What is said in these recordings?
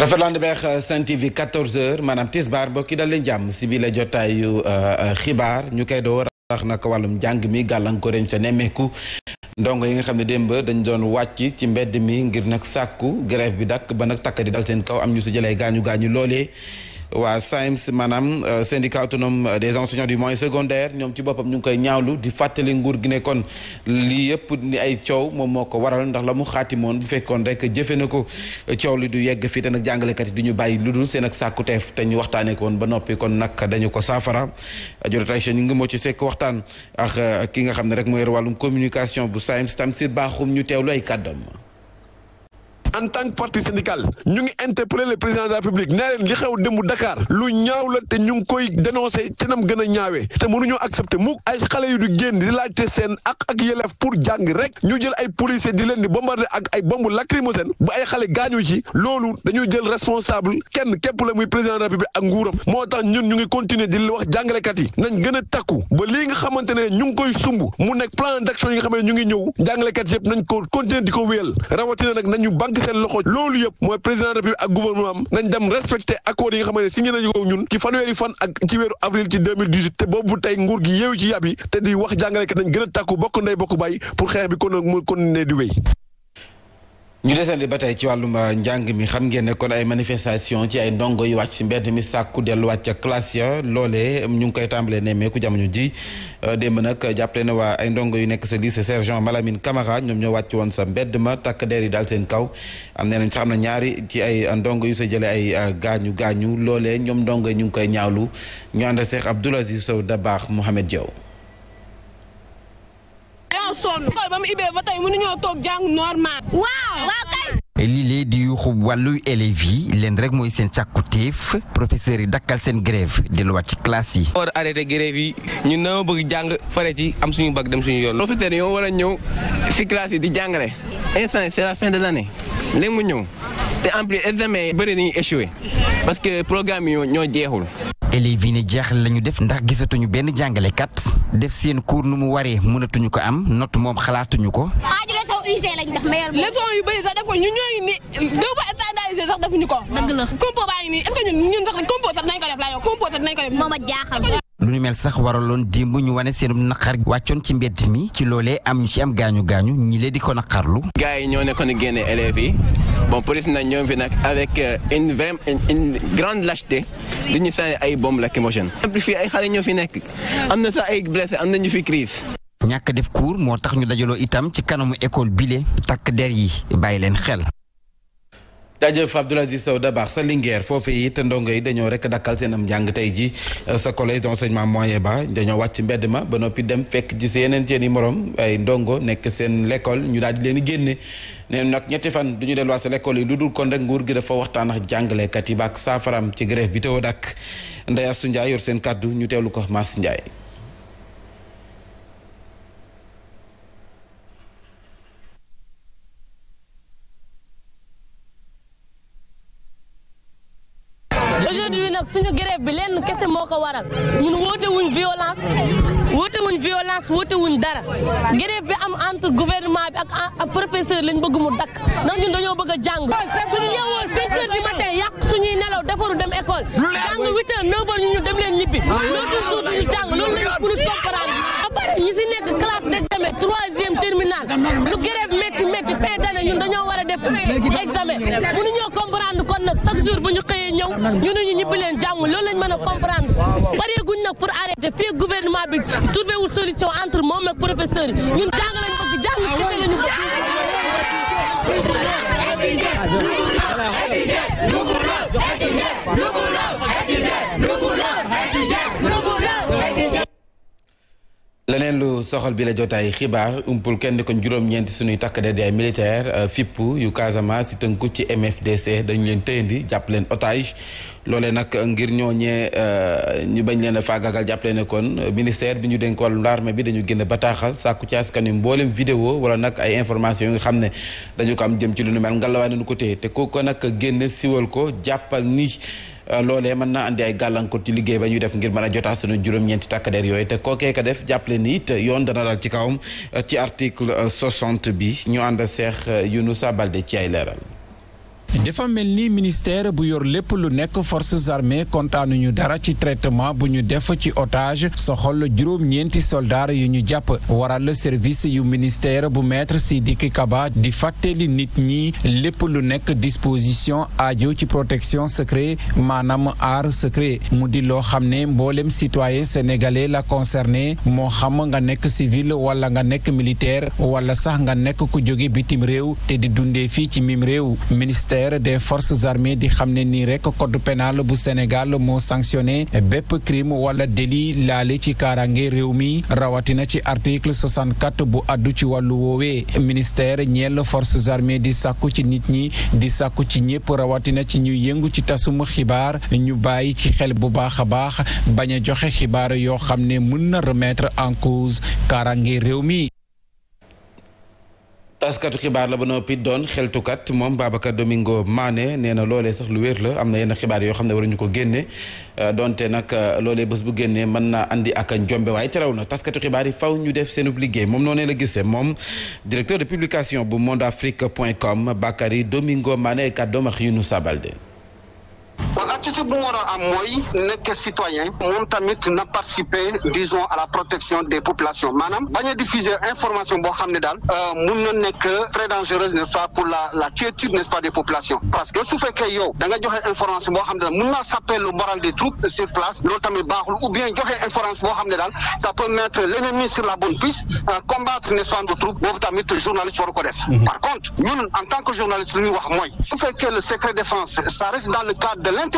rafetlaan di beex euh, Sen TV 14h maanaam tisbaar mbokk yi dal leen jàmm si biir la jotaayu euh, euh, xibaar ñu koy doo rax nag wàllum njàng mi gàllankoor yi sa nemmeeku ndongo yi nga xam ne démb dañu doon wàcc ci mbedd mi ngir nag sàkku grève bi dakk ba nag takk di dal seen kaw am ñu si jëlee gaañu gaañu loole waa SAEMS maanaam euh, syndicat autonome des enseignants du moyen secondaire ñoom ci boppam ñu ngi koy ñaawlu di fàttali nguur gi ne kon lii yëpp ni ay coow moom moo ko waral ndax la mu xaati xaatimoon bu fekkoon rek jëfe na ko coow li du yegg fii te nag jàngalekat yi du ñu bàyyi lu dul seen ak sàkkuteef te ñu waxtaanee ko ba noppi kon nag dañu ko saafara jodatay che ñu ngi moo ci sekk waxtaan ak euh, ki nga xam ne rek mooy wàllum communication bu SAEMS Tamsir Bakhoum ñu teewlu ay kàddoom en tant que parti syndical ñu ngi interpeller le président de la République nee leen li xew démb Dakar lu ñaaw la te ñu ngi koy dénoncer ci nam gën a ñaawee te mënuñoo accepter mukk ay xale yu di génn di laajte seen ak ak yelef pour jàng rek ñu jël ay policiers di leen di bombarder ak ay bomb bombes lacrymogènes ba ay xale gaañu ci loolu dañuy jël responsable kenn képp la muy président de République ak nguuram moo tax ñun ñu ngi continuer di wax jàngalekat yi nañ gën a ba lii nga xamante ne ñu ngi koy sumb mu nekk plan d'action yi nga xam ñu ngi ñëw jàngalekat yëpp nañ ko continuer di ko wéyal rawatina nag nañu banque tekki seen loxo loolu yëpp mooy président république ak gouvernement am nañ dem respecté accords yi nga xamante ne signé nañu ko ñun ci fanweeri fan ak ci weeru avril ci te boobu tey nguur gi yeewu ci yàb yi te di wax jàngalekat nañ gën a tàkku bokk ndey bokk bàyyi pour xeex bi kon kon ne di wéy ñu desandi ba tey ci wàllum euh, njàng mi xam ngeen ne kon ay manifestation ci ay ndongo yu wàcc ci mbedd mi sàkku delluwaat ca classe ya loolee ñu ngi koy tàmbalee meeku jamono ji euh, démb nag jàppale na waa ay ndongo yu nekk sa lycée sergent Malamine Camara ñoom ñoo wàcc woon sa mbedd ma takk der yi daal seen kaw am ne nañ sax am na ñaari ci ay ndongo yu sa jële ay euh, gaañu gaañu loole ñoom ndongo yi ñu ngi koy ñaawlu ñu ànd a Cheikh Abdoul Aziz Sow Dabakh Mohamed Diaw sonn école ba mu ibee ba tey mënuñoo toog jàng normal. waaw waaw kay. lii lee di yuuxu wàllu élèves yi leen rek mooy seen càkkutéef professeurs yi dakkal seen grève delluwaat ci classe yi. war a arrêté grève yi ñun dama bëgg jàng pare ci am suñu bag dem suñu yoon. professeurs yoo war ñëw si classe yi di jàngale instant c'est la fin de l'année léegi mu ñëw te en plus examen yi bëri nañu échoué parce que programme yoo ñoo jeexul. élèves yi ne jaaxle lañu def ndax gisatuñu benn jàngalekat def seen kuur nu mu waree mënatuñu ko am not moom xalaatuñu ko. xaaju leçon UG lañ def mayal leçon yu bëri sax def ko ñun ñooy ni deux fois standardisé sax defuñu ko. dëgg la compo baa ngi nii est-ce que ñun ñun sax sax nañ ko def laa yow compo sax nañ ko def. moom a jaaxal. lu ñu mel sax waraloon démb ñu wane seenub naqar wàccoon ci mbedd mi ci loole am ñu ci am gaañu gaañu ñi lee di ko naqarlu gars yi ñoo nekkoon génne élèves yi bon police nag ñoom fi nag avec euh, une vraiment une grande lâcheté di ñu sànni ay bombes lacrymogènes fii ay xale ñoo fi nekk am na sax ay blessé am na ñu fi crise ñàkk def cours moo tax ñu dajaloo itam ci kanamu école bile takk der yi bàyyi leen xel jaajëf Abdoul Aziz Sow baax sa Linguère foofu te ndongo yi dañoo rek dakkal seen am njàng tey ji euh, sa collège d'enseignement moyen ba dañoo wàcc mbedd ma ba noppi dem fekk ci seen yeneen seen i morom ay ndongo nekk seen l'école ñu daal di leen génne ne nag ñetti fan du ñu delluwaat seen école yi lu dul kon rek nguur gi dafa waxtaan ak jàngalekat yi ba ak saafaram ci grève bi taw dakk Ndeye Astou Ndiaye yor seen kàddu ñu teewlu ko Mass Ndiaye. aujourd'hui nag suñu grève bi lenn kese moo ko waral ñun woote wuñ violence woote wuñ violence woote wuñ dara grève bi am entre gouvernement bi ak professeur lañ bëgg mu dakk ndax ñun dañoo bëgg a jàng suñu yeewoo cinq heures du yàq suñuy nelaw defaru dem école jàng huit heures neuf ñu ñu dem leen ñibbi loolu duñu jàng loolu lañu pour comprendre pare ñi si nekk classe d'examen troisième terminale lu grève métti métti fin ñun dañoo war a def examen bu ñu ñoo comprendre kon nag chaque jour bu ñu xëyee ñëw ñu ne ñu ñibbi leen jàmm loolu lañ mën a comprendre pare guñ nag pour arrêter fii gouvernement bi trouvé solution entre moom professeur ñun jàng lañ bëgg jàng kese lañu bëgg leneen lu soxal bi la jot ay xibaar umpul kenn kon juróom-ñeenti suñuy takk der di ay militaire euh, fipp yu Casamance si tënku ci MFDC dañu leen tëyandi jàpp leen otage loolee nag ngir ñooñee euh, ñu bañ leen a faagagal jàppale ne kon ministère bi ñu dénk wàllu l'armée bi dañu génn bataaxal sàkku ci askan wi mboolem vidéo wala nag ay information yu nga xam ne dañu ko am jëm ci lu nu mel ngalawaay nañu ko té te kooku nag génn siwal ko jàppal nii Euh, loolee mën na andi ay gàllankoor ci liggéey ba ñuy def ngir mën a jotaa sunu juróom-ñeenti takk der yooyu te kookee ka def jàppale ni yoon dana dal ci kawam euh, ci article euh, soixante bi ñu ànd seex Younousa Baldé ci ay leeral. dafa mel ni ministère bu yor lépp lu nekk forces armées kontaanuñu dara ci traitement bu ñu def ci otage soxol juróom-ñeenti soldaar yu ñu jàpp waral service yu ministère bu maître Sidiki Kaba di fàttali nit ñi lépp lu nekk disposition aajo ci protection secret maanaam aar secret mu di loo xam ne mboolem citoyen sénégalais la concerné moo xam nga nekk civil walla nga nekk militaire wala sax nga nekk ku jóge bitim réew te di dundee fii ci mim réew ministère des forces armées di xam ne nii rek code pénal bu Sénégal moo sanctionné bépp crime wala délit laale ci kaaraange réew mi rawatina ci article 64 bu addu ci wàllu woowee ministère ñeel forces armées di sàkku ci nit ñi di sàkku ci ñëpp rawatina ci ñu yëngu ci tasum xibaar ñu bàyyi ci xel bu baax a baax bañ a joxe xibaar yoo xam ne mën na remettre en cause kaaraange réew mii taskatu xibaar la ba noppi doon xeltukat moom Babacar Domingo Mané nee na loolee sax lu wér la am na yenn xibaar yoo xam ne waruñu ko génne euh, donte nag euh, loolee bés bu génnee mën na indi ak njombe waaye terew na taskatu xibaar yi faw ñu def seen liggéey moom noonee la gisee moom directeur de publication bu mondeafrique.com Bakary Domingo Mané kàddoom ak Younousa Baldé attitude bu mu war a am mooy citoyen moom tamit na participer disons à la protection des populations maanaam bañ a diffuser information boo xam ne daal euh, très dangereuse n'est-ce pour la la nest pas des populations parce que su fekkee yow da nga information boo xam ne saper le moral des troupes sur place loolu tamit ou bien joxe information boo ça peut mettre l'ennemi sur la bonne piste euh, combattre nest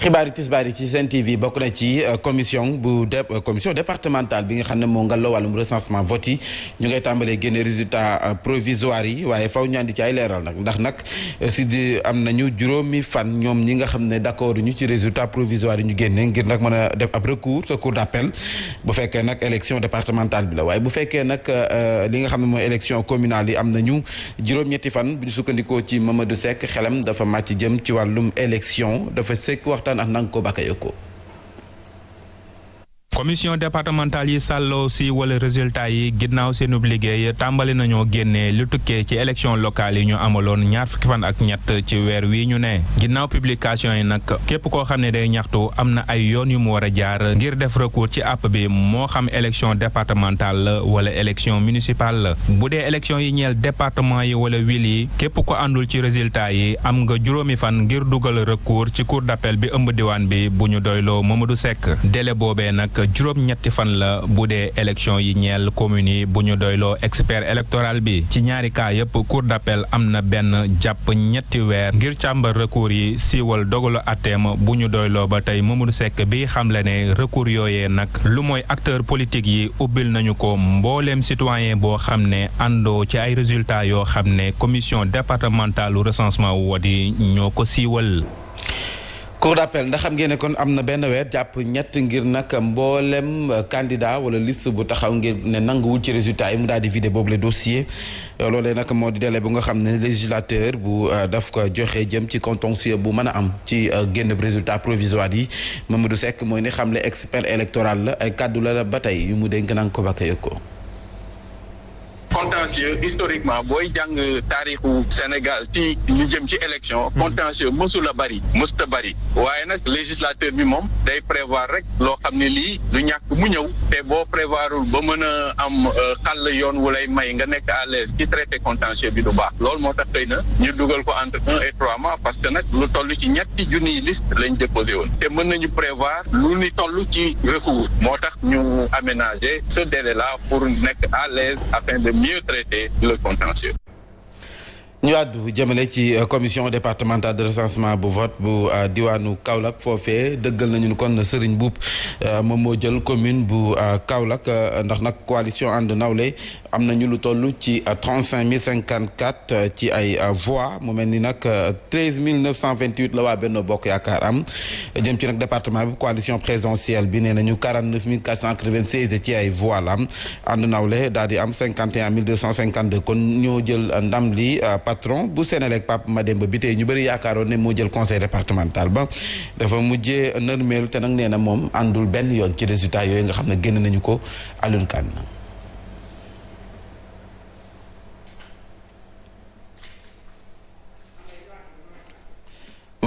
xibaaru tisbaar yi ci Sen TV bokk na ci euh, commission bu euh, commission départementale bi nga xam ne moo ngalloo wàllum recensement vote yi ñu ngay tàmbalee génne résultat euh, provisoire yi waaye faw ñaandi andi ay leeral nag ndax nag si di am nañu juróomi fan ñoom ñi nga xam ne d'accord ñu ci résultat provisoire yi ñu génne ngir nag mën a def ab recours sa cour d'appel bu fekkee nag élection départementale bi la waaye bu fekkee nag li nga xam ne mooy élection communale yi am nañu juróom-ñetti fan bu ñu ci Mamadou Seck xelam dafa màcc jëm ci wàllum élection waxtaan ak ah, Nanko Bakayoko commission départementale yi sàlloo si wala résultat yi ginnaaw seenub liggéey tàmbali nañoo génnee lu tukkee ci élection locale yi ñu amaloon ñaar fukki fan ak ñett ci weer wi ñu ne ginnaaw publication yi nag képp koo xam ne day ñaxtu am na ay yoon yu mu war a jaar ngir def recours ci app bi moo xam élection départementale wala élection municipale bu dee élection yi ñeel département yi wala will yi képp ko àndul ci résultat yi am nga juróomi fan ngir dugal recours ci cour d'appel bi ëmb diwaan bi bu ñu doyloo Mamadou juróom-ñetti fan la bu dee élection yi ñeel communes yi bu ñu doyloo expert électoral bi ci ñaari cas yëpp cour d'appel am na benn jàpp ñetti weer ngir càmbar recours yi siiwal dogalu atteem bu ñu doyloo ba tey Mamadou sekk bi xamle ne recours yooyee nag lu mooy acteur politique yi ubbil nañu ko mbooleem citoyen boo xam ne àndoo ci ay résultats yoo xam ne commission départementale recensement yi ñoo ko siiwal cour d'appel ndax xam ngeen ne kon am na benn weer jàpp ñett ngir nag mboolem candidat wala list bu taxaw ngir ne nanguwul ci résultat yi mu daal di vidé boobu le dossier loole nag moo di délai bu nga xam ne législateur bu euh, daf ko joxe jëm ci contentieux bu mën a am ci euh, génn résultat provisoire yi du sekk mooy ni xam xamle expert électoral la ay kàddu la ba tey yu mu dénk nanga ko bakka yëg ko contentieux historiquement booy jàng taarixu Sénégal ci ñu jëm ci élection hmm. contentieux mësul a bari mësta bari waaye nag législateur bi moom day prévoir rek loo xam ne lii lu ñàkk mu ñëw te boo prévoirul ba mën a am euh, xàll yoon wu lay may nga nekk à l'aise ci traité contentieux bi du baax loolu moo tax xëy na ñu dugal ko entre un et trois mois parce que nag lu toll ci ñetti junniy liste lañ déposé woon te mën nañu prévoir lu ni toll ci recours moo tax ñu aménager traiter le contentieux. ñu àddu jëmale ci euh, commission départementale de recensement bu vote bu euh, diwaanu Kaolack foofee dëggal nañu kon Serigne Boub euh, moom moo jël commune bu Kaolack ndax nag coalition ànd nawle am nañu lu toll ci trente cinq mille cinquante quatre ci ay voix mu mel ni nag treize mille neuf cent vingt huit la waa Benno Bokk Yaakaar am jëm ci nag département bi coalition présidentielle bi nee nañu quarante neuf mille quatre cent quatre vingt seize ci ay voix la am ànd nawle daal am et un kon ñoo jël ndam li. patron bu Senelec Pape Mademba bi tey ñu bëri yaakaaroon ne moo jël conseil départemental ba dafa mujjee nërmeelu te nag nee na moom àndul benn yoon ci résultat yooyu nga xam ne génn nañu ko Alioune Kane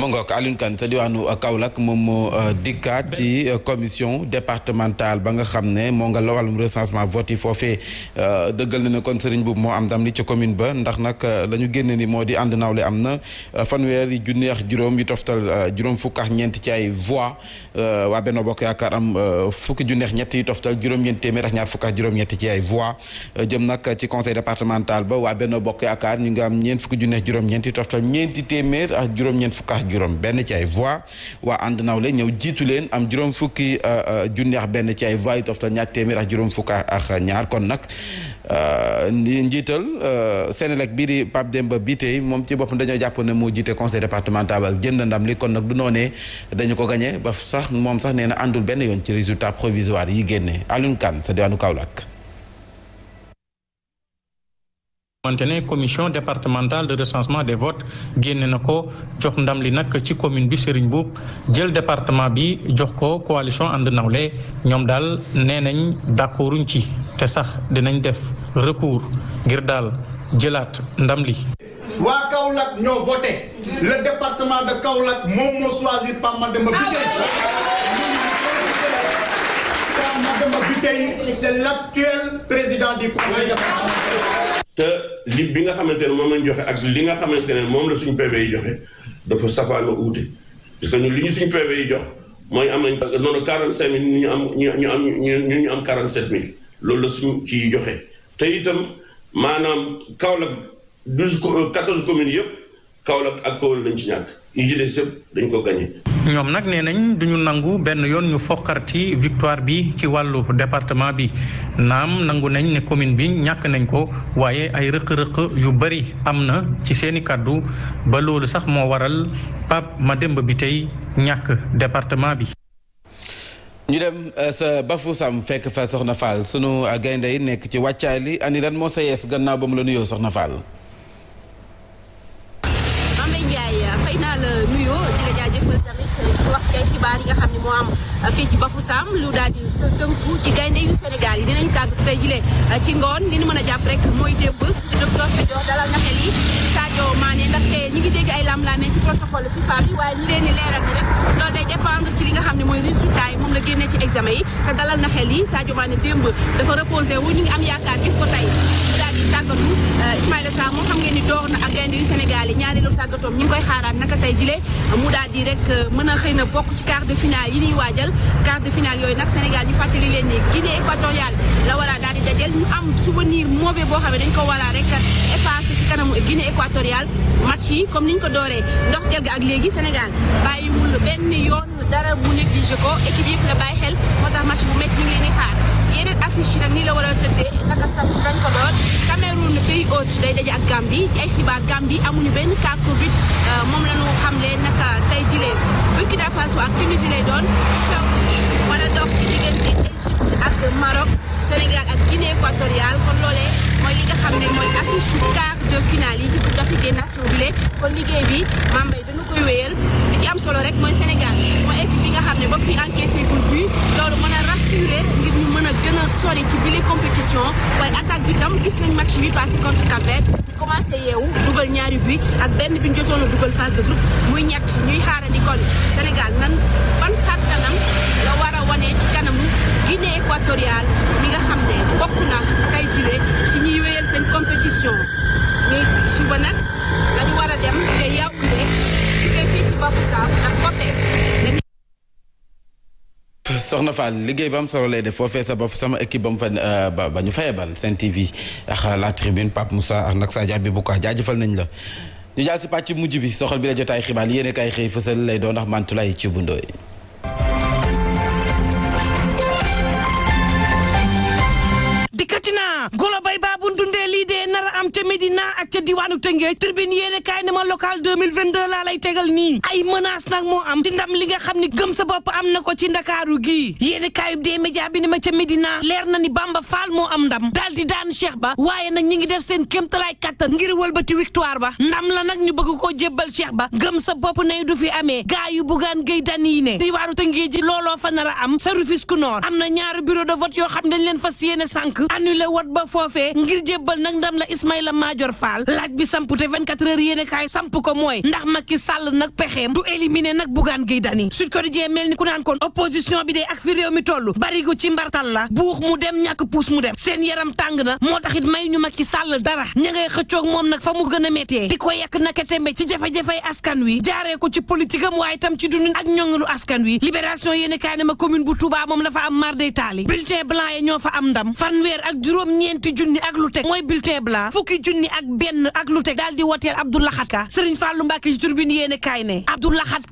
ma ngoog Alioune Kane sa diwaanu euh, Kaolack moom moo euh, dikkaat ci euh, commission départementale ba nga xam ne moo nga la wàllum recensement vote yi foofee dëggal na ne kon Serigne Boub moo am ndam li ci commune ba ndax nag la ñu génne ni moo di ànd nawle am na fanweer yi junni ak juróom yu toftal juróom fukk ak ñeent ci ay voix waa Benno Bokk Yaakaar am fukki junni ak ñett yu toftal juróom-ñeent téeméer ak ñaar fukk ak juróom-ñett ci ay voix jëm nag ci conseil départemental ba waa Benno Bokk Yaakaar ñu ngi ñeent fukki junni juróom-ñeent yu toftal juróom benn ci ay voix waa ànd nawle ñëw jiitu leen am juróom fukki euh, euh, junni ak benn ci ay voix yu toftal ñaar téeméer ak juróom fukk ak ñaar kon nag euh, njiital Sénélec bii di Pape Demba Bitèye moom ci bopp dañoo jàpp ne moo jiite conseil départemental ak jënd ndam li kon nag du noonee dañu ko gagné ba sax moom sax nee na àndul benn yoon ci résultat provisoire yi génne Alioune Kane sa diwaanu Kaolack xamante ne commission départementale de recensement des votes génne na ko jox ndam li nag ci commune bi Serigne Boub jël département bi jox ko coalition ànd nawle ñoom daal nee nañ d'accorduñ ci te sax dinañ def recours ngir daal jëlaat ndam li. moom moo choisir Pape Mademba Bitèye. Pape Mademba Bitèye président du conseil départemental. te li bi nga xamante ne moom lañ joxe ak li nga xamante ne moom la suñu PV yi joxe dafa safaano uute parce que ñun li ñu suñu PV yi jox mooy am nañ noonu quarante cinq mille ñu am ñu am ñu ñu am quarante sept mille loolu la suñu ci joxe te itam maanaam Kaolack douze quatorze communes yëpp Kaolack ak Koweïl lañ ci ñàkk yi ci yëpp dañ ko gagné. ñoom nag nee nañ duñu nangu benn yoon ñu fokkarti victoire bi ci wàllu département bi naam nangu nañ ne commune bi ñàkk nañ ko waaye ay rëq-rëq yu bari am na ci seeni kàddu ba loolu sax moo waral ma Mademba bi tey ñàkk département bi. ñu dem euh, sa Bafou Sam fekk fa Soxna Fall sunu euh, gaynde yi nekk ci wàccaay li ani lan moo sa yees gannaaw ba mu la nuyoo Soxna Fall. lay jaajëfal tamit di wax ci ay xibaar yi nga xam ne moo am fii ci Bafoussam lu daal di tënku ci gaynde yu Sénégal yi dinañ tàgg tey jile ci ngoon li ñu mën a jàpp rek mooy démb docteur Fadio dalal na xel yi Sadio Mané ndaxte eh, ñi ngi dégg ay lam-lamee ci protocole FIFA bi waaye ñu leen di leeral rek loolu day dépendre ci li nga xam ne mooy résultat yi moom la génnee ci examen yi te dalal na xel yi Sadio Mané démb dafa reposé wu ñu ngi am yaakaar gis ko tey mu daal di eh, yi ñaareelu tàggatoom ñu ngi koy xaaraat naka tey jile mu daal di rek eh, mën a xëy na bokk ci quart de finale yi ñuy waajal quart de finale yooyu nag Sénégal ñu fàttali leen ni Guinée équatoriale la war a daal di dajel boo xam ne dañ ko war ci kanamu Guinée équatoriale match yi comme ni ko dooree ndox teel ak léegi Sénégal bàyyiwul benn yoon dara mu négligé ko équipe yëpp la bàyyi xel moo tax match bu métti ñu ngi leen xaar yeneen affiche nii la war a tëddee naka sax dañ ko doon Cameroun pays hôte day daje ak Gambie ci ay xibaar Gambie amuñu benn cas Covid euh, moom la ñu xamle naka tey jilee Burkina Faso ak Tunisie lay doon choc wala dox ci diggante Égypte ak Maroc. Sénégal ak Guinée équatoriale kon loolee mooy li nga xam ne mooy affiche quart de finale yi ci Coupe d'Afrique Nations bi kon liggéey bi Mame Mbaye dañu koy wéyal li solo rek mooy Sénégal mooy équipe bi nga xam ne ba fi encaissé bi loolu mën a rassuré ngir compétition waaye attaque bi tam gis nañ match bi passé contre Cap Vert commencé yeewu dugal ñaari but ak benn bi ñu jotoon a dugal phase de groupe muy ñett ñuy xaarandi kon Sénégal nan ban Guinée équatoriale mi nga soxna Fall liggéey ba am solo lay def foofee sa bopp sama équipe ba mu fa euh, ba ñu fayebal Sen TV ak la tribune Pape Moussa ak nag saa jàbbi bu ko jaajëfal nañ la ñu jaar si pàcc mujj bi soxal bi la jotaay xibaar yéen a kaay xëy fësal lay doon ndax Mantoulaye ci bundoo golo bay baabu ca Médina ak ca diwaanu Tëngéej tribune yéene kaay ne ma local 2022 laa lay tegal ni ay menace nag moo am ci ndam li nga xam ni gëm sa bopp am na ko ci ndakaaru gii yéene kaayub dee média bi ne ma ca Médina leer na ni Bamba faal moo am ndam daal di daan Cheikh Ba waaye nag ñi ngi def seen kéemtalaay kattan ngir wëlbati victoire ba ndam la nag ñu bëgg koo jébbal Cheikh Ba gëm sa bopp nay du fi amee gaa yu bugaan géy dan yi ne diwaanu Tëngéej ji looloo fa nar a am sa Rufisque Nord am na ñaari bureau de vote yoo dañ leen fas yéene sànk annulé wot ba foofee ngir jébbal nag ndam la la Madior Fall laaj bi samp te 24 heures yéene kaay samp ko mooy ndax Macky Sall nag pexeem du éliminer nag Bougane Gueye Dany Sud Quotidien mel ni ku naan kon opposition bi de ak fi réew mi toll barigo ci mbartal la buux mu dem ñàkk puus mu dem seen yaram tàng na moo taxit may ñu Macky sàll dara ña ngay xëccoog moom nag fa mu gën a di ko yàq naka tembe ci jafe-jafey askan wi jaaree ko ci politique am waaye tam ci dundin ak ñongalu askan wi libération yéene kaay ne ma commune bu Touba moom la am mar day taali bulletin blanc yi am ndam fanweer ak juróom-ñeenti junni ak lu mooy bulletin blanc fukki junni ak lu teg daal di woteel Abdou Lahad Ka Serigne Fallou Mbacké ci turbine yéene kaay ne Abdou Lahad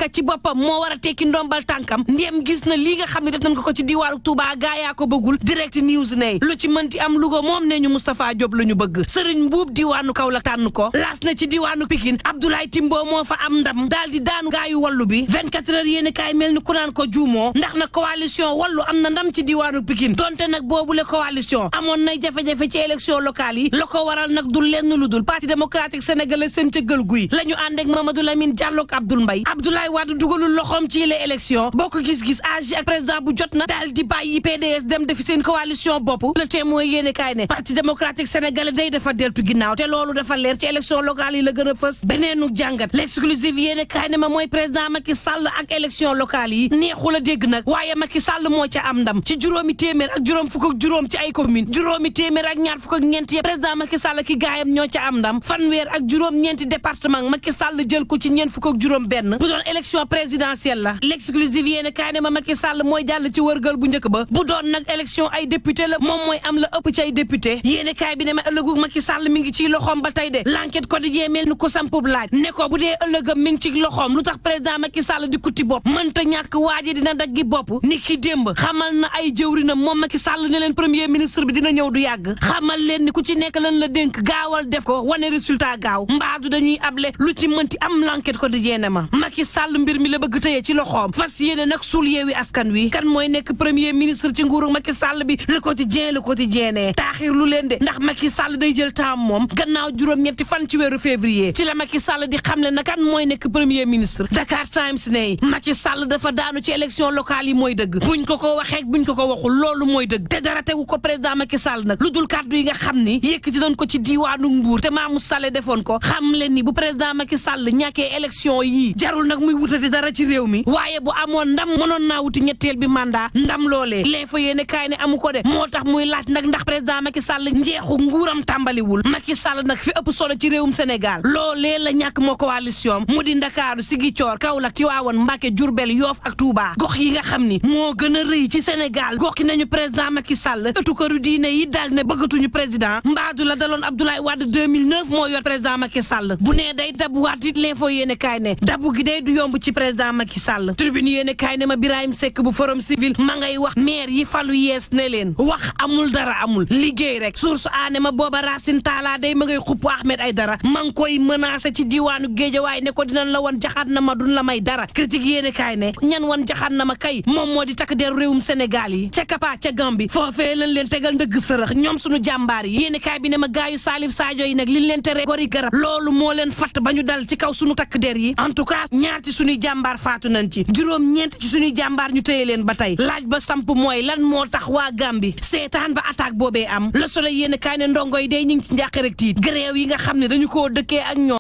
gis na lii nga xam ne def nañ ko ko ci diwaaru Touba gaayaa ko bëggul direct news ne lu ci am Louga moom ne ñu Moustapha Diop ñu bëgg Serigne Mbuub diwaanu Kaolack tànn ko laas na ci diwaanu Pikine Abdoulaye Timbo moo fa am ndam daal di daanu gaayu wallu bi 24 heures yéene kaay mel ni ku naan ko juumoo ndax na coalition wallu am na ndam ci diwaanu Pikine donte nag boobule coalition amoon nay jafe-jafe ci élection locale yi la waral na nag du lenn lu dul parti démocratique sénégalais seen cëggal guy la ñu ak Mamadou Lamine Diallo ak Abdoul Mbaye Abdoulaye dugalul loxoom ci les élections bokk gis-gis AG ak président bu jot na daal di bàyyi PDS dem defi seen bopp le témoin yéene kaay parti démocratique sénégalais day dafa deltu ginnaaw te loolu dafa leer ci élection locale yi la gën a fës beneenu jàngat l'exclusive yéene kaay ma mooy président Macky Sall ak ak juróom fukk ki gaayam ñoo ca am ndam fanweer ak juróom-ñeenti département Macky Sall jël ko ci ñeent fukk ak juróom benn bu doon élection présidentielle la l'exclusive yéene kaay ne ma Macky Sall mooy jàll ci wërgal bu njëkk ba bu doon nag élection ay député la moom mooy am la ëpp ci ay député yéene kaay bi ne ma ëllëgu Macky Sall mi ngi ciy loxoom ba tey de l'enquête quotidien mel ni ko sampub laaj ne ko bu dee ëllëgam mi ngi ci loxoom lu tax président Macky Sall di kutti bopp mënta ñàkk waaje dina daggi bopp ni ki démb xamal na ay jëwrinam moom Macky Sall ne leen premier ministre bi dina ñëw du yàgg xamal leen ni ku ci nekk lan la dénk gaawal def ko wane résultat gaaw mbaadu dañuy able lu ci mënti am l'enquête quotidienne ma Macky Sall mbir mi la bëgg tëye ci loxoom fas yéene nag suul yeewi askan wi kan mooy nekk premier ministre ci nguuru Macky Sall bi le quotidien le quotidien ne taaxir lu leen de ndax Macky Sall day jël temps moom gannaaw juróom-ñetti fan ci weeru février ci la Macky Sall di xamle na kan mooy nekk premier ministre Dakar Times ne Macky Sall dafa daanu ci élection locale yi mooy dëgg buñ ko ko waxee ko ko waxul loolu mooy dëgg te dara ko président Macky Sall nag lu dul diwaanu Mbour te Mamou Saleh defoon ko xam leen ni bu président Macky Sall ñàkkee élection yi jarul nag muy wutati dara ci réew mi waaye bu amoon ndam mënoon naa wuti ñetteel bi mandat ndam loolee leen fa yéene kaay ne amu ko de moo tax muy laaj nag ndax président maki Sall njeexu nguuram tàmbaliwul Macky Sall nag fi ëpp solo ci réewum Sénégal loolee la ñàkk moo coalition mu di Ndakaaru Sigicoor Kaolack Tiwaawan Mbàkke Jurbel Yoof ak Touba gox yi nga xam ni moo gën rëy ci Sénégal gox ki nañu président Macky Sall ëttu këru diine yi dal président Abdoulaye Wade 2009 moo yor président Macky Sall bu nee day dabuwaat it l'info yéene kaay ne dabu gi day du yomb ci président Macky tribune yéene kaay ne ma Birahim Seck bu forum civil ma ngay wax maire yi falu yees ne leen wax amul dara amul liggéey rek source aane ma booba Racine Talla day ma ngay xuppu Ahmed Aïdara ma ngi koy menacé ci diwaanu Géejawaay ne ko dinañ la wan jaxaat na ma duñ la may dara critique yéene kaay ne ñan wan jaxaat na ma kay moom moo di takk der réewum Sénégal yi ca Kapa ca Gambie foofee lañ leen tegal ndëgg sërëx Salif Sadio yi nag liñ leen tere gori garab loolu moo leen fatt ba ñu dal ci kaw suñu takk der yi en tout cas ñaar ci suñuy jàmbaar faatu nañ ci juróom ñeent ci suñuy jàmbaar ñu téye leen ba tey laaj ba samp mooy lan moo tax waa Gàmbi seetaan ba attaque boobee am Le Soleil yéen kaay ne ndongo yi day ñu ngi ci njàqare ak tiit grève yi nga xam ne dañu koo dëkkee ak ñoo